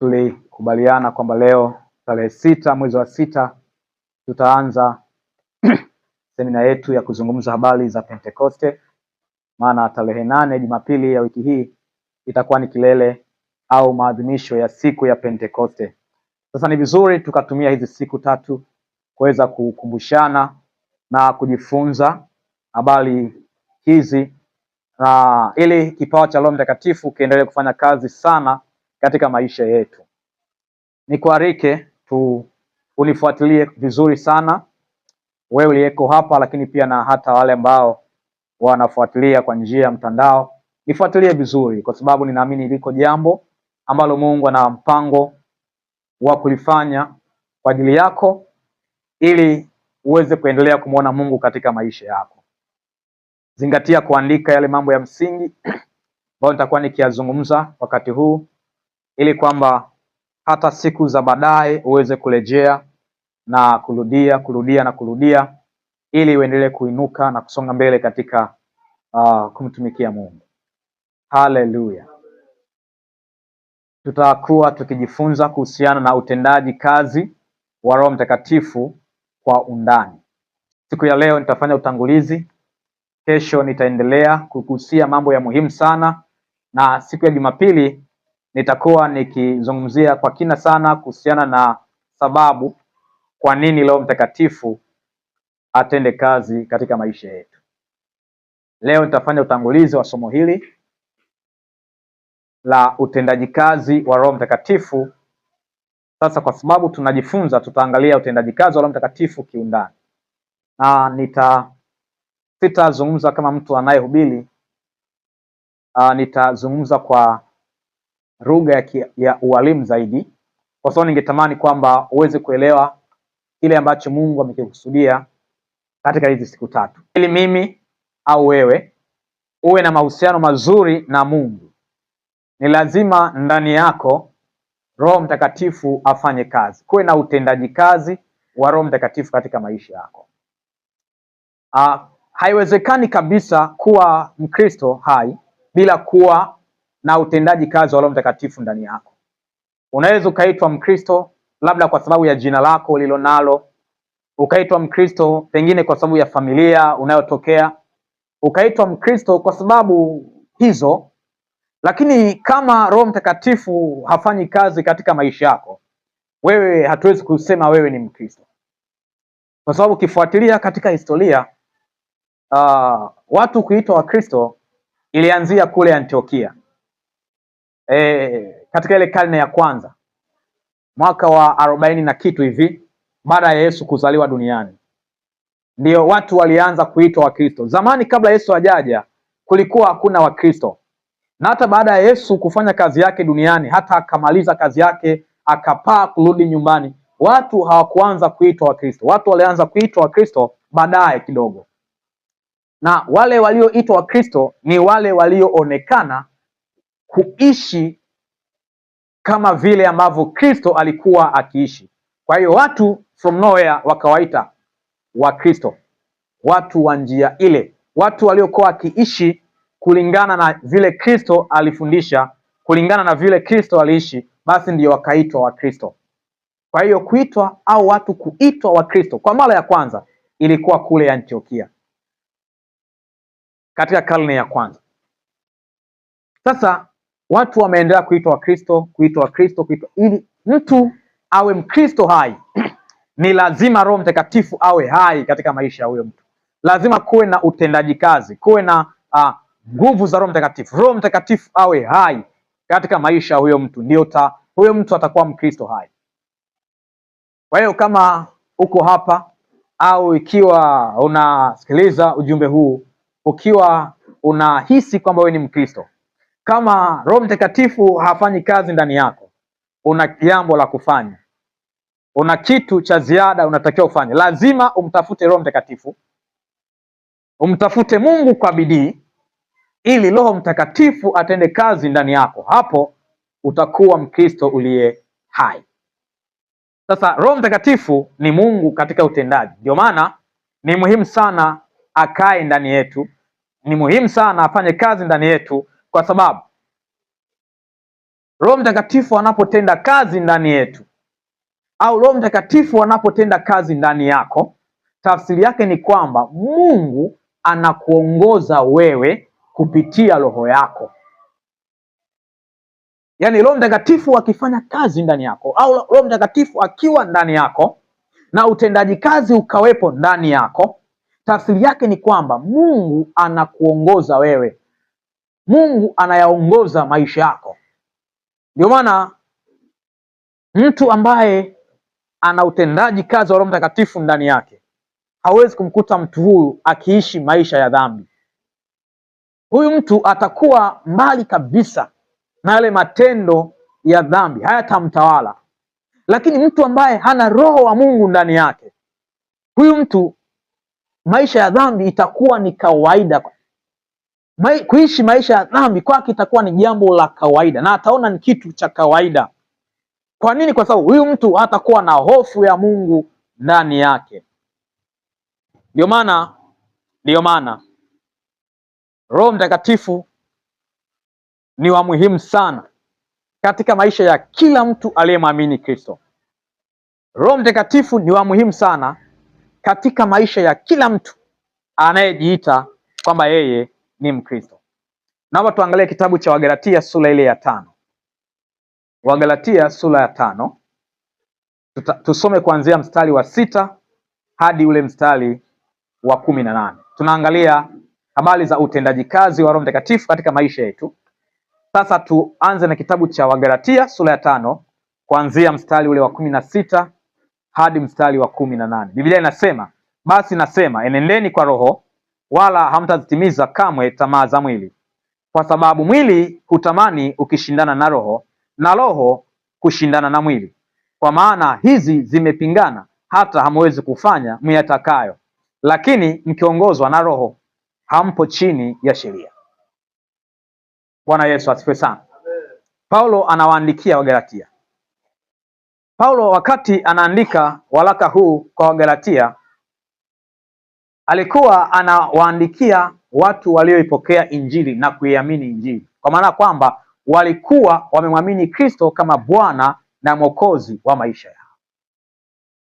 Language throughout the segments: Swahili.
Tulikubaliana kwamba leo tarehe sita mwezi wa sita tutaanza semina yetu ya kuzungumza habari za Pentekoste, maana tarehe nane Jumapili ya wiki hii itakuwa ni kilele au maadhimisho ya siku ya Pentekoste. Sasa ni vizuri tukatumia hizi siku tatu kuweza kukumbushana na kujifunza habari hizi na ili kipawa cha Roho Mtakatifu kiendelee kufanya kazi sana katika maisha yetu. Nikuarike tu unifuatilie vizuri sana wewe uliyeko hapa, lakini pia na hata wale ambao wanafuatilia kwa njia ya mtandao, nifuatilie vizuri, kwa sababu ninaamini liko jambo ambalo Mungu ana mpango wa kulifanya kwa ajili yako ili uweze kuendelea kumwona Mungu katika maisha yako. Zingatia kuandika yale mambo ya msingi ambayo nitakuwa nikiyazungumza wakati huu ili kwamba hata siku za baadaye uweze kurejea na kurudia kurudia na kurudia, ili uendelee kuinuka na kusonga mbele katika uh, kumtumikia Mungu. Haleluya! Tutakuwa tukijifunza kuhusiana na utendaji kazi wa Roho Mtakatifu kwa undani. Siku ya leo nitafanya utangulizi, kesho nitaendelea kugusia mambo ya muhimu sana, na siku ya Jumapili nitakuwa nikizungumzia kwa kina sana kuhusiana na sababu kwa nini Roho Mtakatifu atende kazi katika maisha yetu. Leo nitafanya utangulizi wa somo hili la utendaji kazi wa Roho Mtakatifu. Sasa kwa sababu tunajifunza, tutaangalia utendaji kazi wa Roho Mtakatifu kiundani, na nita sitazungumza kama mtu anayehubiri, ah, nitazungumza kwa lugha ya, ya ualimu zaidi, kwa sababu ningetamani kwamba uweze kuelewa kile ambacho Mungu amekikusudia katika hizi siku tatu, ili mimi au wewe uwe na mahusiano mazuri na Mungu, ni lazima ndani yako Roho Mtakatifu afanye kazi, kuwe na utendaji kazi wa Roho Mtakatifu katika maisha yako. Ah, haiwezekani kabisa kuwa Mkristo hai bila kuwa na utendaji kazi wa Roho Mtakatifu ndani yako. Unaweza ukaitwa Mkristo labda kwa sababu ya jina lako ulilonalo, ukaitwa Mkristo pengine kwa sababu ya familia unayotokea, ukaitwa Mkristo kwa sababu hizo, lakini kama Roho Mtakatifu hafanyi kazi katika maisha yako, wewe hatuwezi kusema wewe ni Mkristo, kwa sababu ukifuatilia katika historia uh, watu kuitwa Wakristo ilianzia kule Antiokia e, katika ile karne ya kwanza mwaka wa arobaini na kitu hivi baada ya Yesu kuzaliwa duniani, ndio watu walianza kuitwa Wakristo. Zamani kabla Yesu hajaja kulikuwa hakuna Wakristo, na hata baada ya Yesu kufanya kazi yake duniani, hata akamaliza kazi yake akapaa kurudi nyumbani, watu hawakuanza kuitwa Wakristo. Watu walianza kuitwa Wakristo baadaye kidogo, na wale walioitwa Wakristo ni wale walioonekana kuishi kama vile ambavyo Kristo alikuwa akiishi. Kwa hiyo watu from nowhere wakawaita Wakristo, watu wa njia ile, watu waliokuwa wakiishi kulingana na vile Kristo alifundisha, kulingana na vile Kristo aliishi, basi ndio wakaitwa Wakristo. Kwa hiyo kuitwa au watu kuitwa Wakristo kwa mara ya kwanza ilikuwa kule Antiokia katika karne ya kwanza. Sasa Watu wameendelea kuitwa Wakristo, kuitwa Wakristo, kuitwa ili mtu awe Mkristo hai ni lazima Roho Mtakatifu awe hai katika maisha ya huyo mtu. Lazima kuwe na utendaji kazi, kuwe na nguvu uh, za Roho Mtakatifu. Roho Mtakatifu awe hai katika maisha ya huyo mtu, ndio huyo mtu atakuwa Mkristo hai. Kwa hiyo kama uko hapa au ikiwa unasikiliza ujumbe huu ukiwa unahisi kwamba wewe ni Mkristo kama Roho Mtakatifu hafanyi kazi ndani yako, una jambo la kufanya, una kitu cha ziada unatakiwa ufanye. Lazima umtafute Roho Mtakatifu, umtafute Mungu kwa bidii, ili Roho Mtakatifu atende kazi ndani yako. Hapo utakuwa Mkristo uliye hai. Sasa Roho Mtakatifu ni Mungu katika utendaji, ndio maana ni muhimu sana akae ndani yetu, ni muhimu sana afanye kazi ndani yetu kwa sababu Roho Mtakatifu anapotenda kazi ndani yetu au Roho Mtakatifu anapotenda kazi ndani yako, tafsiri yake ni kwamba Mungu anakuongoza wewe kupitia roho yako. Yaani Roho Mtakatifu akifanya kazi ndani yako au Roho Mtakatifu akiwa ndani yako na utendaji kazi ukawepo ndani yako, tafsiri yake ni kwamba Mungu anakuongoza wewe Mungu anayaongoza maisha yako. Ndio maana mtu ambaye ana utendaji kazi wa Roho Mtakatifu ndani yake hawezi kumkuta mtu huyu akiishi maisha ya dhambi. Huyu mtu atakuwa mbali kabisa na yale matendo ya dhambi, hayatamtawala. Lakini mtu ambaye hana Roho wa Mungu ndani yake, huyu mtu maisha ya dhambi itakuwa ni kawaida mai, kuishi maisha ya dhambi kwake itakuwa ni jambo la kawaida na ataona ni kitu cha kawaida. Kwa nini? Kwa sababu huyu mtu hatakuwa na hofu ya Mungu ndani yake. Ndio maana ndiyo maana Roho Mtakatifu ni wa muhimu sana katika maisha ya kila mtu aliyemwamini Kristo. Roho Mtakatifu ni wa muhimu sana katika maisha ya kila mtu anayejiita kwamba yeye ni Mkristo. Naomba tuangalie kitabu cha Wagalatia sura ile ya tano. Wagalatia sura ya tano Tuta, tusome kuanzia mstari wa sita hadi ule mstari wa kumi na nane. Tunaangalia habari za utendaji kazi wa Roho Mtakatifu katika maisha yetu. Sasa tuanze na kitabu cha Wagalatia sura ya tano kuanzia mstari ule wa kumi na sita hadi mstari wa kumi na nane. Biblia inasema basi nasema enendeni kwa Roho wala hamtazitimiza kamwe tamaa za mwili, kwa sababu mwili hutamani ukishindana na roho, na roho kushindana na mwili, kwa maana hizi zimepingana, hata hamwezi kufanya myatakayo. Lakini mkiongozwa na roho, hampo chini ya sheria. Bwana Yesu asifiwe sana. Paulo anawaandikia Wagalatia. Paulo wakati anaandika waraka huu kwa Wagalatia alikuwa anawaandikia watu walioipokea Injili na kuiamini Injili, kwa maana kwamba walikuwa wamemwamini Kristo kama Bwana na Mwokozi wa maisha yao.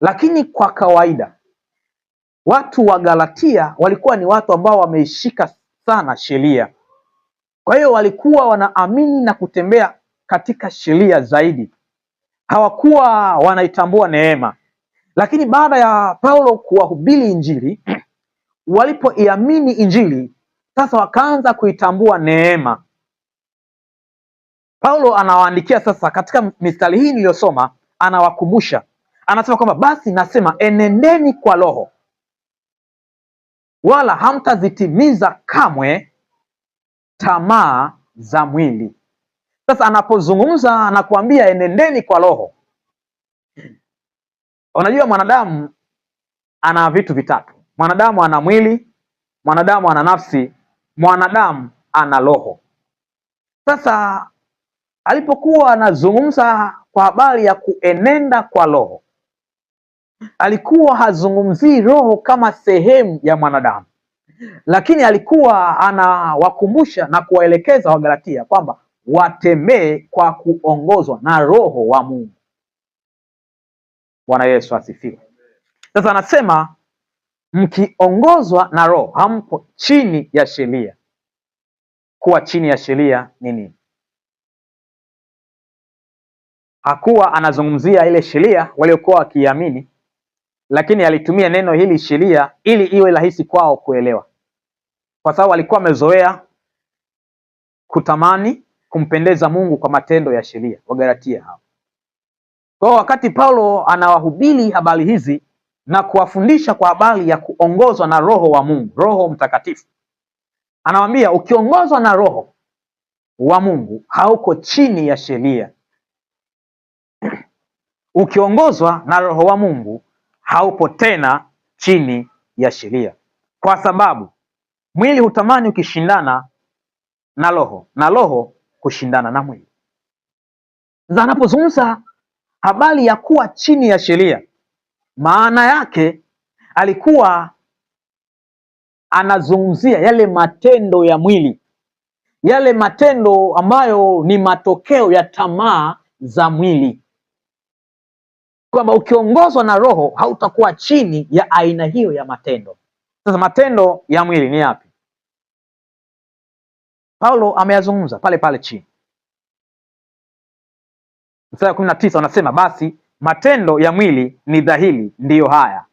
Lakini kwa kawaida watu wa Galatia walikuwa ni watu ambao wameishika sana sheria, kwa hiyo walikuwa wanaamini na kutembea katika sheria zaidi, hawakuwa wanaitambua neema. Lakini baada ya Paulo kuwahubiri Injili walipoiamini Injili sasa wakaanza kuitambua neema. Paulo anawaandikia sasa, katika mistari hii niliyosoma, anawakumbusha anasema kwamba basi nasema enendeni kwa Roho, wala hamtazitimiza kamwe tamaa za mwili. Sasa anapozungumza anakuambia enendeni kwa Roho. Unajua, mwanadamu ana vitu vitatu Mwanadamu ana mwili, mwanadamu ana nafsi, mwanadamu ana roho. Sasa alipokuwa anazungumza kwa habari ya kuenenda kwa roho, alikuwa hazungumzii roho kama sehemu ya mwanadamu, lakini alikuwa anawakumbusha na kuwaelekeza Wagalatia kwamba watembee kwa kuongozwa na Roho wa Mungu. Bwana Yesu asifiwe. Sasa anasema mkiongozwa na Roho hampo chini ya sheria. Kuwa chini ya sheria ni nini? Hakuwa anazungumzia ile sheria waliokuwa wakiamini, lakini alitumia neno hili sheria ili iwe rahisi kwao kuelewa, kwa sababu alikuwa amezoea kutamani kumpendeza Mungu kwa matendo ya sheria. Wagalatia hao. Kwa wakati Paulo anawahubiri habari hizi na kuwafundisha kwa habari ya kuongozwa na Roho wa Mungu, Roho Mtakatifu. Anawambia ukiongozwa na Roho wa Mungu hauko chini ya sheria. Ukiongozwa na Roho wa Mungu haupo tena chini ya sheria, kwa sababu mwili hutamani ukishindana na roho na roho kushindana na mwili. Sasa anapozungumza habari ya kuwa chini ya sheria maana yake alikuwa anazungumzia yale matendo ya mwili, yale matendo ambayo ni matokeo ya tamaa za mwili, kwamba ukiongozwa na Roho hautakuwa chini ya aina hiyo ya matendo. Sasa matendo ya mwili ni yapi? Paulo ameyazungumza pale pale chini, mstari wa kumi na tisa, anasema basi Matendo ya mwili ni dhahiri, ndiyo haya: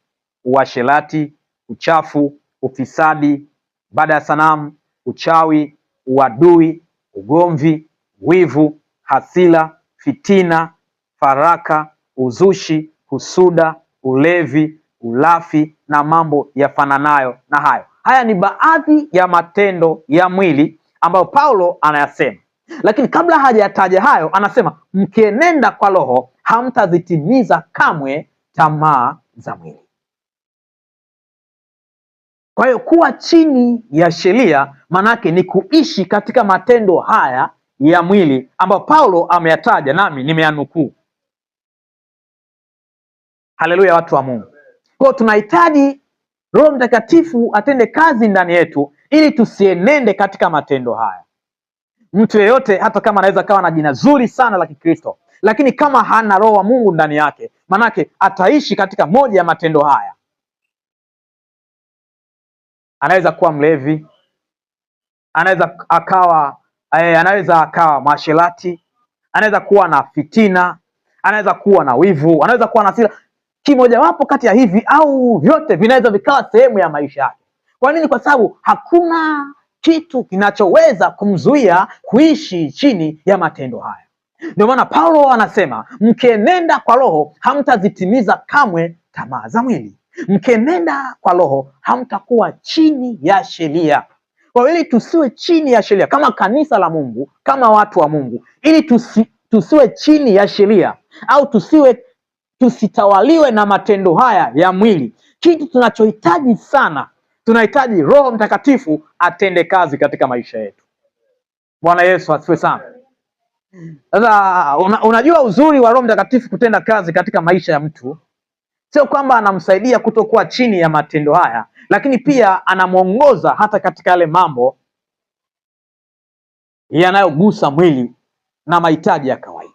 uasherati, uchafu, ufisadi, ibada ya sanamu, uchawi, uadui, ugomvi, wivu, hasira, fitina, faraka, uzushi, husuda, ulevi, ulafi na mambo yafananayo na hayo. Haya ni baadhi ya matendo ya mwili ambayo Paulo anayasema, lakini kabla hajayataja hayo, anasema mkienenda kwa Roho hamtazitimiza kamwe tamaa za mwili. Kwa hiyo kuwa chini ya sheria manake ni kuishi katika matendo haya ya mwili ambayo Paulo ameyataja, nami nimeyanukuu. Haleluya, watu wa Mungu. Kwa hiyo tunahitaji Roho Mtakatifu atende kazi ndani yetu ili tusienende katika matendo haya. Mtu yeyote hata kama anaweza kawa na jina zuri sana la Kikristo, lakini kama hana roho wa Mungu ndani yake, manake ataishi katika moja ya matendo haya. Anaweza kuwa mlevi, anaweza akawa eh, anaweza akawa mwasherati, anaweza kuwa na fitina, anaweza kuwa na wivu, anaweza kuwa na hasira. Kimojawapo kati ya hivi au vyote vinaweza vikawa sehemu ya maisha yake. Kwa nini? Kwa sababu hakuna kitu kinachoweza kumzuia kuishi chini ya matendo haya. Ndio maana Paulo anasema mkienenda kwa roho hamtazitimiza kamwe tamaa za mwili. Mkienenda kwa roho hamtakuwa chini ya sheria. Kwa ili tusiwe chini ya sheria kama kanisa la Mungu, kama watu wa Mungu, ili tusi, tusiwe chini ya sheria au tusiwe tusitawaliwe na matendo haya ya mwili. Kitu tunachohitaji sana, tunahitaji Roho Mtakatifu atende kazi katika maisha yetu. Bwana Yesu asifiwe sana. Sasa una, unajua uzuri wa Roho Mtakatifu kutenda kazi katika maisha ya mtu, sio kwamba anamsaidia kutokuwa chini ya matendo haya, lakini pia anamwongoza hata katika yale mambo yanayogusa mwili na mahitaji ya kawaida.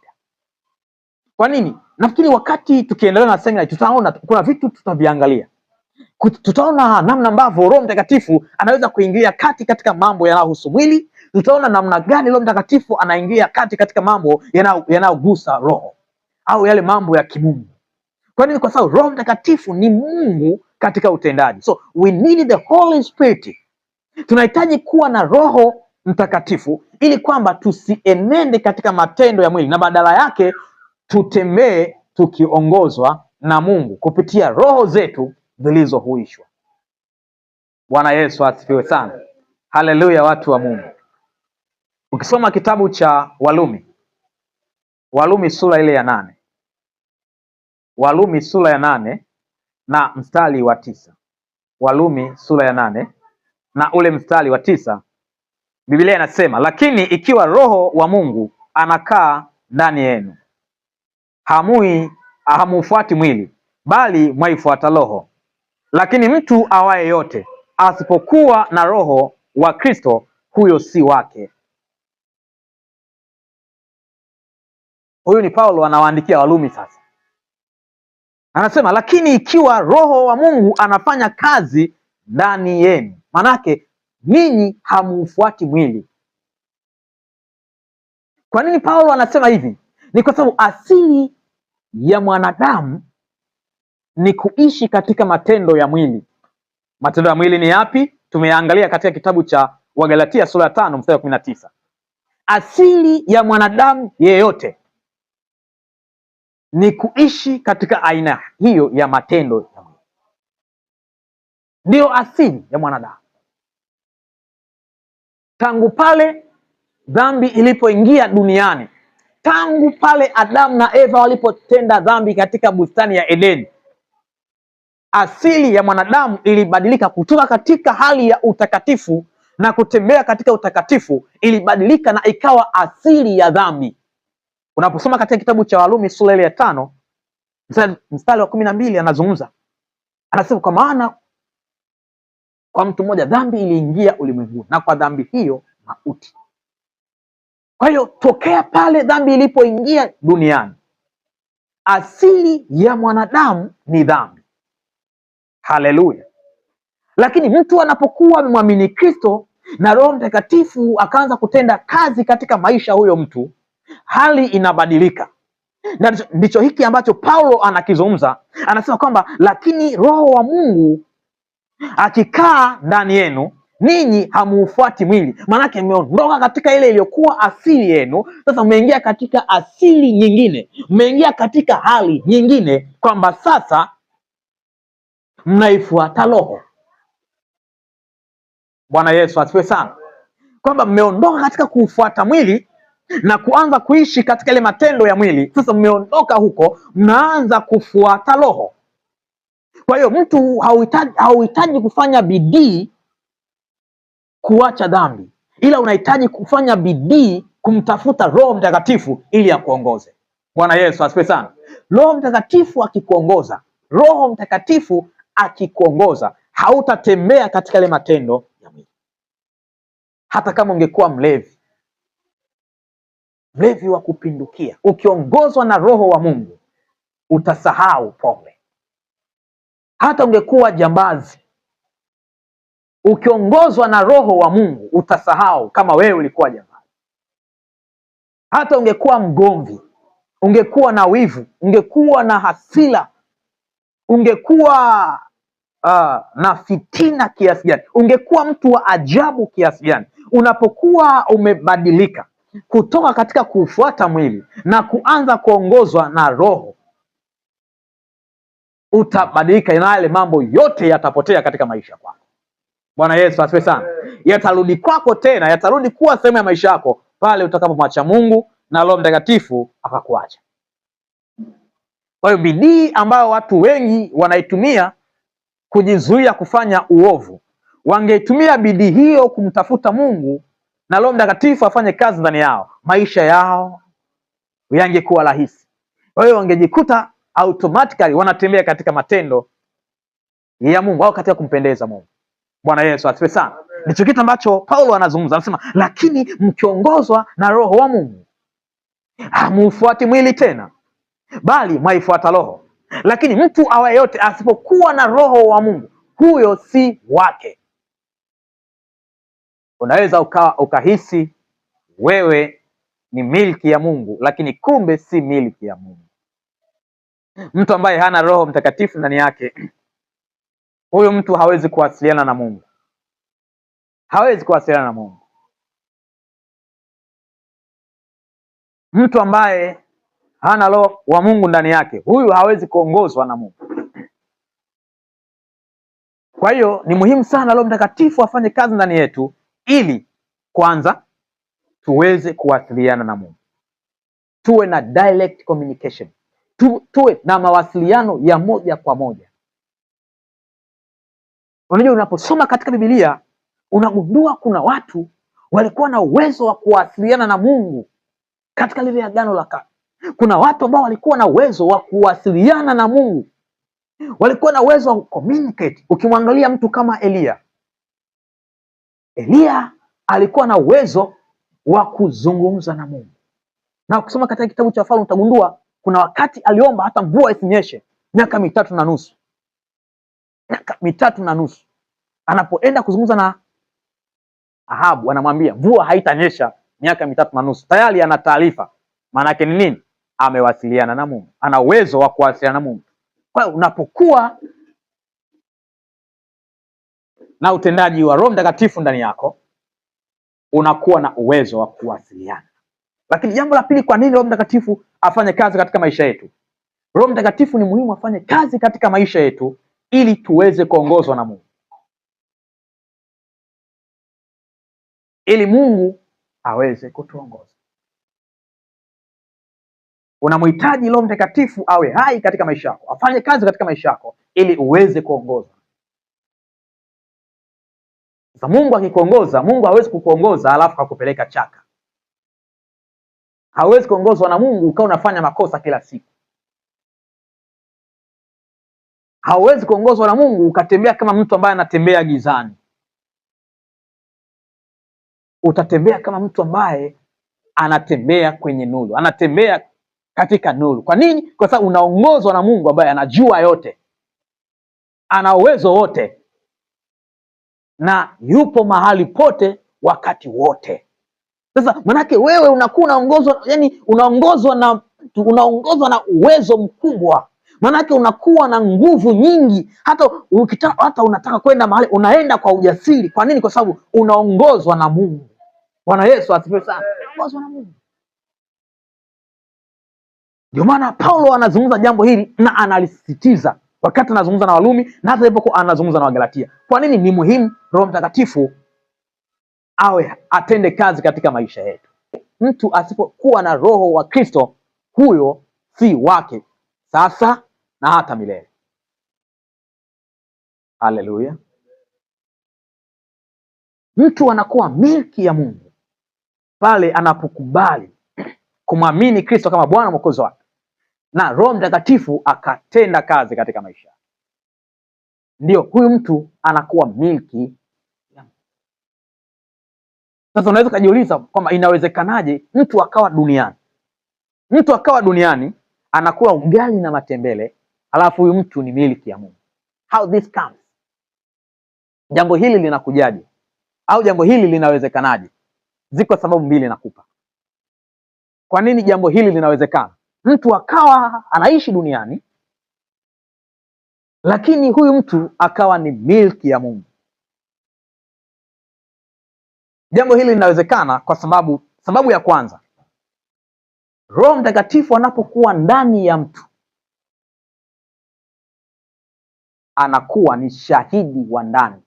Kwa nini? Nafikiri wakati tukiendelea na semina tutaona kuna vitu tutaviangalia, tutaona namna ambavyo Roho Mtakatifu anaweza kuingilia kati katika mambo yanayohusu mwili tutaona namna gani Roho Mtakatifu anaingia kati katika mambo yanayogusa yana roho au yale mambo ya kimungu. Kwa nini? Kwa sababu Roho Mtakatifu ni Mungu katika utendaji, so we need the Holy Spirit. Tunahitaji kuwa na Roho Mtakatifu ili kwamba tusienende katika matendo ya mwili na badala yake tutembee tukiongozwa na Mungu kupitia roho zetu zilizohuishwa. Bwana Yesu asifiwe sana. Haleluya, watu wa Mungu. Ukisoma kitabu cha Walumi, Walumi sura ile ya nane, Walumi sura ya nane na mstari wa tisa, Walumi sura ya nane na ule mstari wa tisa, Biblia inasema lakini ikiwa Roho wa Mungu anakaa ndani yenu, hamui hamufuati mwili, bali mwaifuata Roho. Lakini mtu awaye yote asipokuwa na Roho wa Kristo, huyo si wake. Huyu ni Paulo anawaandikia Walumi sasa. Anasema lakini ikiwa Roho wa Mungu anafanya kazi ndani yenu, manake ninyi hamuufuati mwili. Kwa nini Paulo anasema hivi? Ni kwa sababu asili ya mwanadamu ni kuishi katika matendo ya mwili. Matendo ya mwili ni yapi? Tumeangalia katika kitabu cha Wagalatia sura ya tano mstari wa kumi na tisa. Asili ya mwanadamu yeyote ni kuishi katika aina hiyo ya matendo ya mwili. Ndiyo asili ya mwanadamu. Tangu pale dhambi ilipoingia duniani, tangu pale Adamu na Eva walipotenda dhambi katika bustani ya Edeni, asili ya mwanadamu ilibadilika kutoka katika hali ya utakatifu na kutembea katika utakatifu, ilibadilika na ikawa asili ya dhambi. Unaposoma katika kitabu cha Warumi sura ile ya tano mstari wa kumi na mbili anazungumza anasema, kwa maana kwa mtu mmoja dhambi iliingia ulimwenguni na kwa dhambi hiyo mauti. Kwa hiyo tokea pale dhambi ilipoingia duniani, asili ya mwanadamu ni dhambi. Haleluya! Lakini mtu anapokuwa amemwamini Kristo na Roho Mtakatifu akaanza kutenda kazi katika maisha huyo mtu hali inabadilika, na ndicho hiki ambacho Paulo anakizungumza. Anasema kwamba lakini Roho wa Mungu akikaa ndani yenu ninyi hamuufuati mwili. Maanake mmeondoka katika ile iliyokuwa asili yenu, sasa mmeingia katika asili nyingine, mmeingia katika hali nyingine, kwamba sasa mnaifuata Roho. Bwana Yesu asiwe sana, kwamba mmeondoka katika kuufuata mwili na kuanza kuishi katika ile matendo ya mwili. Sasa mmeondoka huko, mnaanza kufuata roho. Kwa hiyo mtu hauhitaji hauhitaji kufanya bidii kuacha dhambi, ila unahitaji kufanya bidii kumtafuta Roho Mtakatifu ili akuongoze. Bwana Yesu asifiwe sana. Roho Mtakatifu akikuongoza, Roho Mtakatifu akikuongoza, hautatembea katika ile matendo ya mwili. Hata kama ungekuwa mlevi mlevi wa kupindukia, ukiongozwa na Roho wa Mungu utasahau pombe. Hata ungekuwa jambazi, ukiongozwa na Roho wa Mungu utasahau kama wewe ulikuwa jambazi. Hata ungekuwa mgomvi, ungekuwa na wivu, ungekuwa na hasira, ungekuwa uh, na fitina kiasi gani, ungekuwa mtu wa ajabu kiasi gani, unapokuwa umebadilika kutoka katika kuufuata mwili na kuanza kuongozwa na Roho, utabadilika na yale mambo yote yatapotea katika maisha kwako. Bwana Yesu asifiwe sana. Yatarudi kwako tena, yatarudi kuwa sehemu ya maisha yako pale utakapomwacha Mungu na Roho Mtakatifu akakuacha. Kwa hiyo bidii ambayo watu wengi wanaitumia kujizuia kufanya uovu, wangeitumia bidii hiyo kumtafuta Mungu na Roho Mtakatifu afanye kazi ndani yao, maisha yao yangekuwa rahisi. Kwa hiyo wangejikuta automatically wanatembea katika matendo ya Mungu au katika kumpendeza Mungu. Bwana Yesu asifiwe sana. Ndicho kitu ambacho Paulo anazungumza, anasema lakini mkiongozwa na Roho wa Mungu hamufuati mwili tena, bali mwaifuata Roho. Lakini mtu awaye yote asipokuwa na Roho wa Mungu, huyo si wake. Unaweza ukawa ukahisi wewe ni milki ya Mungu, lakini kumbe si milki ya Mungu. Mtu ambaye hana Roho Mtakatifu ndani yake, huyu mtu hawezi kuwasiliana na Mungu, hawezi kuwasiliana na Mungu. Mtu ambaye hana Roho wa Mungu ndani yake, huyu hawezi kuongozwa na Mungu. Kwa hiyo ni muhimu sana Roho Mtakatifu afanye kazi ndani yetu ili kwanza tuweze kuwasiliana na Mungu, tuwe na direct communication tu, tuwe na mawasiliano ya moja kwa moja. Unajua, unaposoma katika Biblia unagundua kuna watu walikuwa na uwezo wa kuwasiliana na Mungu katika lile agano la kale. Kuna watu ambao walikuwa na uwezo wa kuwasiliana na Mungu, walikuwa na uwezo wa communicate. Ukimwangalia mtu kama Eliya Eliya alikuwa na uwezo wa kuzungumza na Mungu, na ukisoma katika kitabu cha Wafalme utagundua kuna wakati aliomba hata mvua isinyeshe miaka mitatu na nusu, miaka mitatu na nusu. Anapoenda kuzungumza na Ahabu, anamwambia mvua haitanyesha miaka mitatu na nusu. Tayari ana taarifa, maana yake ni nini? Amewasiliana na Mungu, ana uwezo wa kuwasiliana na Mungu. Kwa hiyo unapokuwa na utendaji wa Roho Mtakatifu ndani yako, unakuwa na uwezo wa kuwasiliana. Lakini jambo la pili, kwa nini Roho Mtakatifu afanye kazi katika maisha yetu? Roho Mtakatifu ni muhimu afanye kazi katika maisha yetu ili tuweze kuongozwa na Mungu, ili Mungu aweze kutuongoza. Unamhitaji Roho Mtakatifu awe hai katika maisha yako, afanye kazi katika maisha yako ili uweze kuongoza. Sasa Mungu akikuongoza, Mungu hawezi kukuongoza alafu akupeleka chaka. Hawezi kuongozwa na Mungu ukawa unafanya makosa kila siku. Hauwezi kuongozwa na Mungu ukatembea kama mtu ambaye anatembea gizani. Utatembea kama mtu ambaye anatembea kwenye nuru, anatembea katika nuru. Kwa nini? Kwa sababu unaongozwa na Mungu ambaye anajua yote, ana uwezo wote na yupo mahali pote wakati wote. Sasa manake wewe unakuwa unaongozwa, yani unaongozwa na unaongozwa na uwezo mkubwa, manake unakuwa na nguvu nyingi. Hata ukita, hata unataka kwenda mahali unaenda kwa ujasiri. Kwa nini? Kwa sababu unaongozwa na Mungu. Bwana Yesu asifiwe sana, unaongozwa na Mungu. Ndio maana Paulo anazungumza jambo hili na analisisitiza wakati anazungumza na Walumi na hata alipokuwa anazungumza na Wagalatia. Kwa nini ni muhimu Roho Mtakatifu awe atende kazi katika maisha yetu? Mtu asipokuwa na roho wa Kristo, huyo si wake sasa na hata milele. Haleluya! Mtu anakuwa milki ya Mungu pale anapokubali kumwamini Kristo kama Bwana mwokozi wake na Roho Mtakatifu akatenda kazi katika maisha, ndio huyu mtu anakuwa milki ya Sasa unaweza ukajiuliza kwamba inawezekanaje mtu akawa duniani, mtu akawa duniani anakula ugali na matembele, alafu huyu mtu ni milki ya Mungu? How this comes? Jambo hili linakujaje? Au jambo hili linawezekanaje? Ziko sababu mbili nakupa kwa nini jambo hili linawezekana mtu akawa anaishi duniani, lakini huyu mtu akawa ni milki ya Mungu. Jambo hili linawezekana kwa sababu, sababu ya kwanza, Roho Mtakatifu anapokuwa ndani ya mtu anakuwa ni shahidi wa ndani.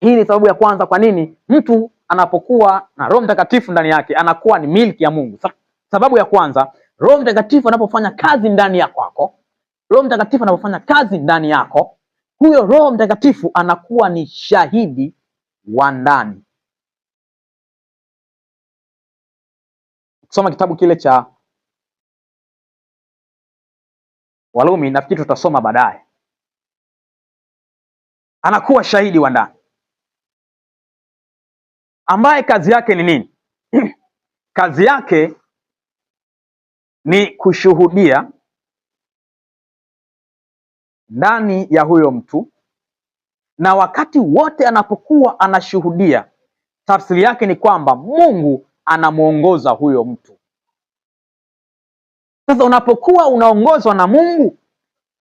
Hii ni sababu ya kwanza kwa nini mtu anapokuwa na Roho Mtakatifu ndani yake anakuwa ni milki ya Mungu. Sababu ya kwanza, Roho Mtakatifu anapofanya kazi ndani ya kwako, Roho Mtakatifu anapofanya kazi ndani yako, huyo Roho Mtakatifu anakuwa ni shahidi wa ndani. Soma kitabu kile cha Walumi, nafikiri tutasoma baadaye, anakuwa shahidi wa ndani ambaye kazi yake ni nini? Kazi yake ni kushuhudia ndani ya huyo mtu, na wakati wote anapokuwa anashuhudia, tafsiri yake ni kwamba Mungu anamwongoza huyo mtu. Sasa unapokuwa unaongozwa na Mungu